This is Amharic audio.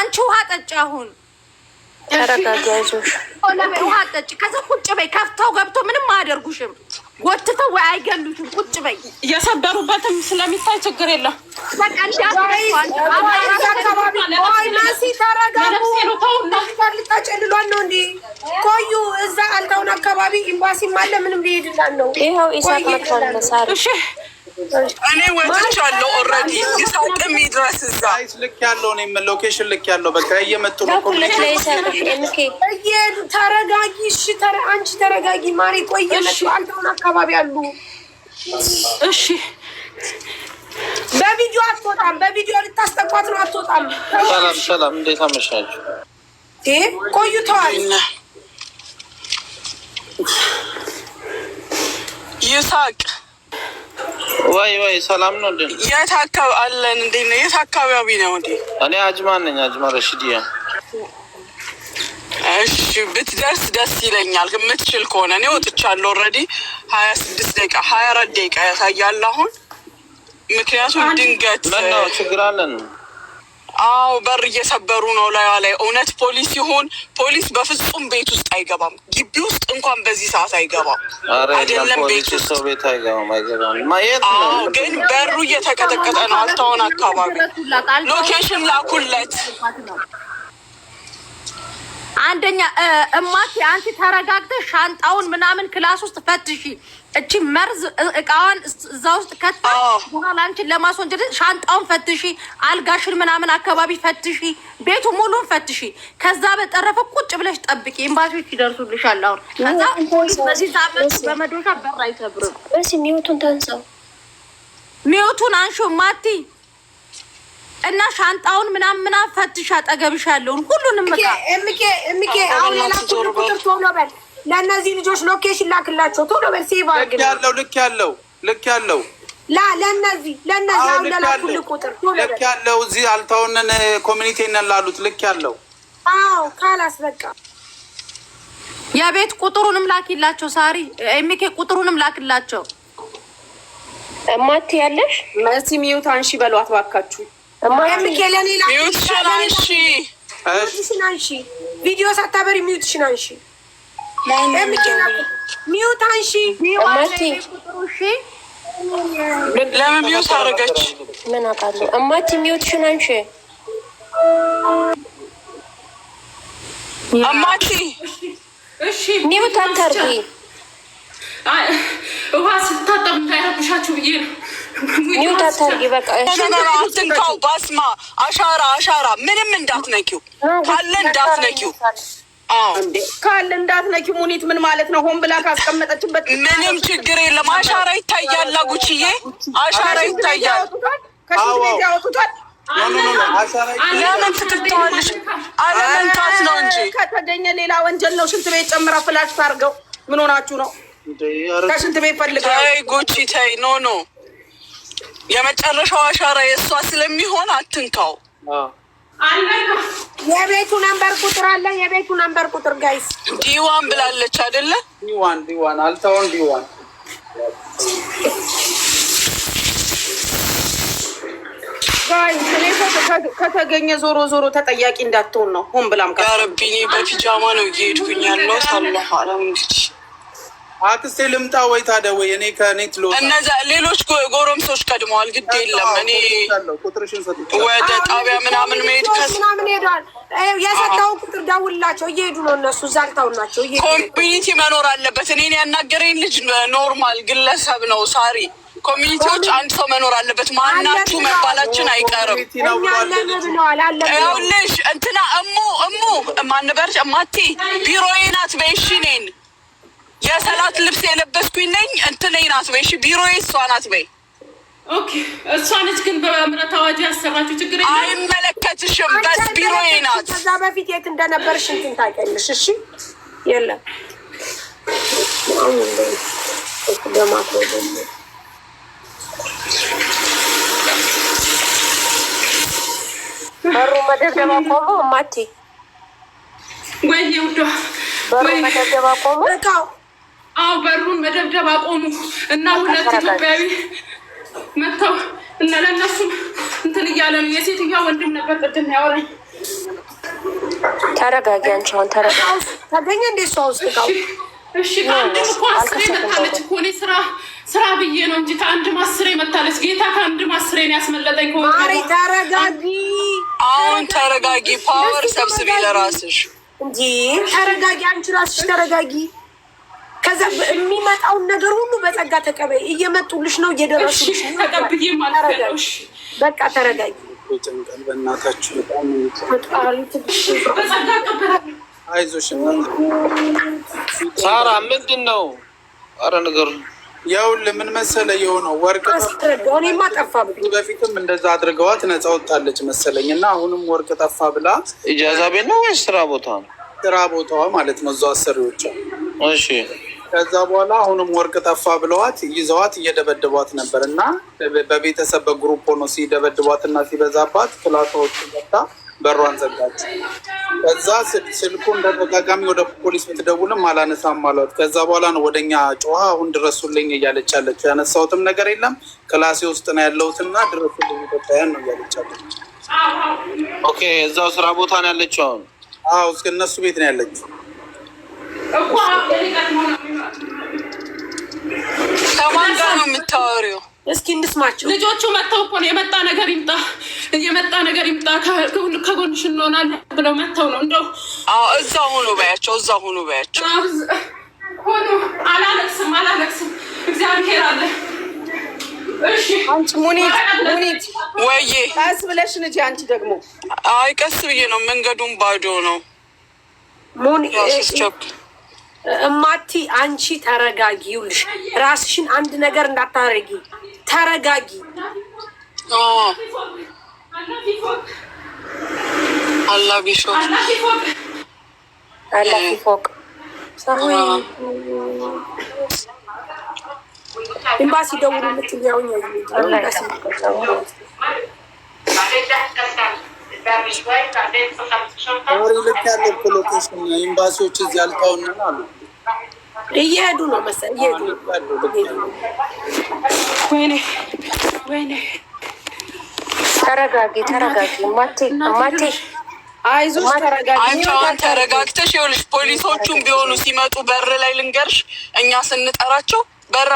አንቺ ውሃ ጠጪ። አሁን ውሃ ጠጪ። ከዛ ቁጭ በይ። ከፍተው ገብቶ ምንም አያደርጉሽም። ጎትተው ወይ አይገሉሽም። ቁጭ በይ። የሰበሩበትም ስለሚታይ ችግር የለም። ቆዩ እዛ አልታውን አካባቢ ኢምባሲም አለ። ምንም ሊሄድላን ነው ይኸው እኔ ወጥቻለሁ። ኦልሬዲ ይሳቅም ይድረስ እዛ ልክ ያለው እኔም ሎኬሽን ልክ ያለው በቃ እየመጡ ነው። ተረጋጊ፣ እሺ አንቺ ተረጋጊ ማሬ። ቆይ እየመጡ አካባቢ አሉ። እሺ በቪዲዮ አትወጣም። በቪዲዮ ልታስጠቋት ነው። አትወጣም። ሰላም ሰላም፣ እንዴት አመሻችሁ? ቆዩ ይሳቅ ወይ ወይ፣ ሰላም ነው እንዴ? የት አካባቢ አለን? እንዴ ነው የት አካባቢ ነው እንዴ? እኔ አጅማን ነኝ፣ አጅማ ረሽድያ። እሺ ብትደርስ ደስ ይለኛል የምትችል ከሆነ እኔ ወጥቻለሁ። ኦልሬዲ ሀያ ስድስት ደቂቃ ሀያ አራት ደቂቃ ያሳያል አሁን። ምክንያቱም ድንገት ነው ችግር አለን አዎ በር እየሰበሩ ነው ላዩ ላይ። እውነት ፖሊስ ሲሆን ፖሊስ በፍጹም ቤት ውስጥ አይገባም፣ ግቢ ውስጥ እንኳን በዚህ ሰዓት አይገባም። አይደለም ቤት ውስጥ ቤት አይገባም፣ አይገባም። ግን በሩ እየተቀጠቀጠ ነው። አልታሆን አካባቢ ሎኬሽን ላኩለት አንደኛ እማት አንቺ ተረጋግተሽ ሻንጣውን ምናምን ክላስ ውስጥ ፈትሺ። እቺ መርዝ እቃዋን እዛ ውስጥ ከታ በኋላ አንቺን ለማስወንጀል ሻንጣውን ፈትሺ፣ አልጋሽን ምናምን አካባቢ ፈትሺ፣ ቤቱ ሙሉን ፈትሺ። ከዛ በጠረፈ ቁጭ ብለሽ ጠብቂ፣ ኤምባሲዎች ይደርሱልሻል። አሁን ከዛ በዚህ ዛመት በመዶሻ በር አይሰብርም። ኒውቱን ተንሰው ኒውቱን አንሹ ማቲ እና ሻንጣውን ምናምን ምናምን ፈትሽ፣ አጠገብሽ ያለውን ሁሉንም ምኬ አሁን ሌላ ቁጥር ቶሎ በል ለእነዚህ ልጆች ሎኬሽን ላክላቸው ቶሎ በል። ሴቭ አድርግ ያለው ልክ ያለው ልክ ያለው ላ ለእነዚህ ለእነዚህ አሁን ለላኩልህ ቁጥር ቶሎ በል። ልክ ያለው እዚህ አልታውንን ኮሚኒቲ ነን ልክ ያለው አዎ፣ ካላስ በቃ የቤት ቁጥሩንም ላኪላቸው። ሳሪ ኤሚኬ ቁጥሩንም ላክላቸው። ማቲ ያለሽ መሲ ሚዩት አንሺ በሏት ባካችሁ። ቪዲዮ ሳታበሪ ሚውትሽን አንሺ። ሚውት አንሺ። ለምን ሚውት አደረገች? ምን አውቃለሁ። እማቲ ሚውትሽን አንሺ። እማቲ ሚውት አታርጊ። ውሃ ስታጠብ እንዳይረብሻችሁ ብዬ ነው። ትንካው ባስማ አሻራ አሻራ ምንም እንዳትነኪው ካለ እንዳትነኪው ካለ እንዳትነኪው። ሙኒት ምን ማለት ነው? ሆን ብላ ካስቀመጠችበት ምንም ችግር የለም። አሻራ ይታያል፣ ጉቺዬ አሻራ ይታያል። ከሽንት ቤት ያወጡታል። ለምን ትትተዋለሽ? አለመንካት ነው እንጂ ከተገኘ ሌላ ወንጀል ነው። ሽንት ቤት ጨምራ ፍላሽ ታርገው። ምን ሆናችሁ ነው? ከሽንት ቤት ፈልገ ጉቺ ተይ። ኖ ኖ የመጨረሻው አሻራ የእሷ ስለሚሆን አትንካው። የቤቱ ነንበር ቁጥር አለ። የቤቱ ነንበር ቁጥር ጋይስ ዲዋን ብላለች አይደለ? ዲዋን ዲዋን አልተውን ዲዋን ከተገኘ ዞሮ ዞሮ ተጠያቂ እንዳትሆን ነው። ሁን ብላም ጋርብኝ በፒጃማ ነው እየሄድኩኝ ያለው ሳለኋላ እንግዲህ አክስቴ ልምጣ ወይ ታዲያ ወይ እኔ ከኔት ሎ እነዚያ ሌሎች ጎረምሶች ቀድመዋል። ግድ የለም እኔ ወደ ጣቢያ ምናምን መሄድ ምናምን ሄደዋል። የሰጠው ቁጥር ደውላቸው እየሄዱ ነው እነሱ ዛልታው ናቸው። ኮሚኒቲ መኖር አለበት። እኔን ያናገረኝ ልጅ ኖርማል ግለሰብ ነው። ሳሪ ኮሚኒቲዎች አንድ ሰው መኖር አለበት። ማናችሁ መባላችን አይቀርም። ያውልሽ እንትና እሙ እሙ ማንበርሽ እማቴ ቢሮዬ ናት በሽኔን የሰላት ልብስ የለበስኩኝ ነኝ እንትነኝ ናት ወይ ቢሮ እሷ ናት ወይ? ኦኬ እሷ ነች። ግን በምረት አዋጅ ያሰራችሁ ችግር አይመለከትሽም። በስ ቢሮ ናት። ከዛ በፊት የት እንደነበርሽ እንትን ታውቂያለሽ። እሺ የለም በሩ መደብደባ ቆሞ እማቴ ወይ ውዷ በሩ መደብደባ ቆሞ አዎ በሩን መደብደብ አቆሙ እና ሁለት ኢትዮጵያዊ መጥተው እና ለእነሱም እንትን እያለ ነው። የሴትዮዋ ወንድም ነበር ቅድም ያወራኝ። ተረጋጊ አንቺ አሁን ተረጋጊ። ታገኘ እንደ እሷ ውስጥ ጋር እሺ። ከአንድም እኮ አስሬ መታለች እኮ እኔ ስራ ስራ ብዬ ነው እንጂ ከአንድም አስሬ መታለች። ጌታ ከአንድም አስሬ ያስመለጠኝ። ከሆነ ተረጋጊ፣ አሁን ተረጋጊ። ፓወር ሰብስቤ ለራስሽ እንዲ ተረጋጊ። አንቺ ራስሽ ተረጋጊ። ከዛ የሚመጣውን ነገር ሁሉ በጸጋ ተቀበይ። እየመጡልሽ ነው፣ እየደረሱልሽ በቃ ተረጋጊ። ሳራ ምንድን ነው? አረ ነገር ይኸውልህ፣ ምን መሰለ የሆነው ወርቅ ጠፋ በፊትም እንደዛ አድርገዋት ነፃ ወጣለች መሰለኝ እና አሁንም ወርቅ ጠፋ ብላ ኢጃዛ ቤት ነው ወይስ ስራ ቦታ ስራ ቦታዋ ማለት ነው። እዛ አሰሪዎቿ እሺ ከዛ በኋላ አሁንም ወርቅ ጠፋ ብለዋት ይዘዋት እየደበድቧት ነበር እና በቤተሰብ በግሩፕ ሆኖ ሲደበድቧት እና ሲበዛባት ፍላቶዎች መታ በሯን ዘጋች። ከዛ ስልኩ እንደተጋጋሚ ወደ ፖሊስ ብትደውልም አላነሳም አሏት። ከዛ በኋላ ነው ወደኛ ጮኸ አሁን ድረሱልኝ እያለች ያለችው። ያነሳሁትም ነገር የለም ክላሴ ውስጥ ነው ያለሁትና ድረሱልኝ ኢትዮጵያውያን ነው እያለች ያለች። ኦኬ እዛው ስራ ቦታ ነው ያለችው አሁን? እነሱ ቤት ነው ያለችው። ከማን ጋር ነው የምታወሪው? እስኪ እንስማቸው። ልጆቹ መጥተው እኮ ነው የመጣ ነገር ይምጣ የመጣ ነገር ይምጣ ከጎንሽ እንሆናለን ብለው መጥተው ነው እንደው እዛ ሆኖ በያቸው፣ እዛ ሆኖ በያቸው። ሆኖ አላለቅስም፣ አላለቅስም። እግዚአብሔር አለ። አንቺ ሙኒት ሙኒት፣ ወይዬ ቀስ ብለሽ ልጅ። አንቺ ደግሞ አይ ቀስ ብዬ ነው መንገዱን ባዶ ነው ሙኒት እማቲ አንቺ ተረጋጊ፣ ይኸውልሽ ራስሽን አንድ ነገር እንዳታረጊ ተረጋጊ። ኤምባሲ ደውሉልኝ ያውኝ ሎኬሽን ኤምባሲዎች እዚህ አልተውንም አሉ። እየሄዱ ነው መሰለኝ። ወይኔ ወይኔ፣ ተረጋጊ ተረጋጊ፣ ማቴ ማቴ፣ አይዞሽ ተረጋጊ። አንቺ ተረጋግተሽ ይኸውልሽ፣ ፖሊሶቹም ቢሆኑ ሲመጡ በር ላይ ልንገርሽ፣ እኛ ስንጠራቸው በራ